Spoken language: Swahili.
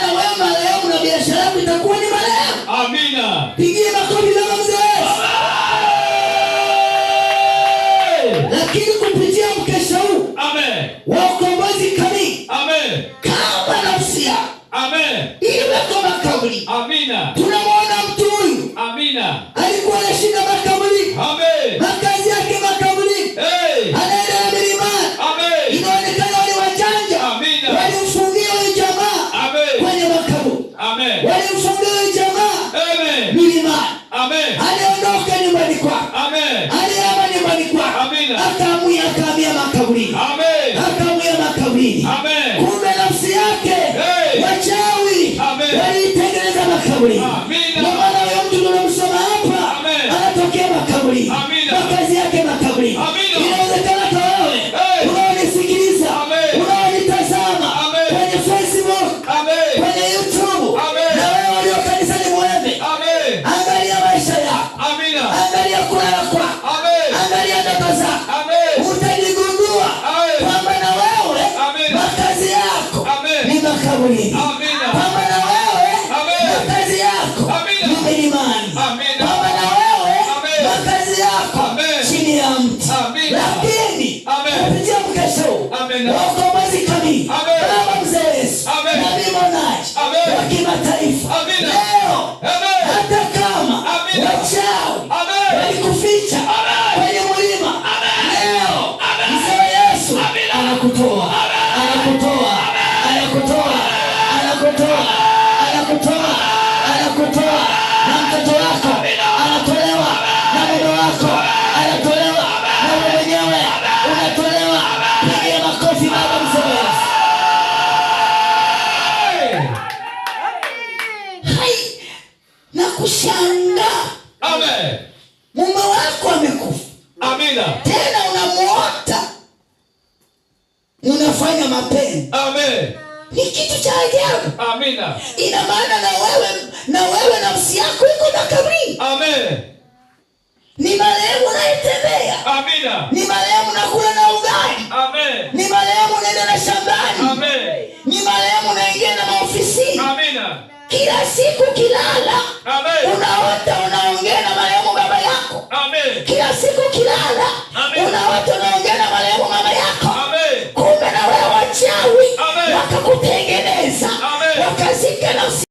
maana wewe marehemu na biashara yako itakuwa ni marehemu. Amina, pigie makofi sana mzee. Lakini kupitia mkesha huu Amen. wa ukombozi kamili, kama nafsi yako iwe kama kauli. Amina. tunamwona mtu huyu Amina. alikuwa na shida makaburi. Ndio maana huyo mtu tunamsoma hapa anatokea makaburi, makazi yake makaburi. Inawezekana kwa wewe unaonisikiliza, unaonitazama kwenye Facebook, kwenye YouTube, na wewe walio kanisani mweme, angalia maisha yako, angalia kulala kwa, angalia ndoto zako, utajigundua kwamba na wewe makazi yako ni makaburini. chini ya mti, lakini kupitia mkesho waokombozi kamili, Baba Mzee Yesu, nabii Mwonaji wa kimataifa, leo hata kama wachawi walikuficha kwenye mlima, leo Mzee Yesu anakutoa, anakutoa, anakutoa, anakutoa, anakutoa, anakutoa na mtoto wako kushangaa amen mume wako amekufa tena unamuota unafanya mapeni ni kitu cha ajabu ina maana na wewe na wewe nafsi yako iko makaburini ni marehemu unayetembea ni marehemu nakula na ugali ni marehemu unaenda na shambani amen kila siku kilala unaota unaongea na marehemu baba yako Amen. kila siku kilala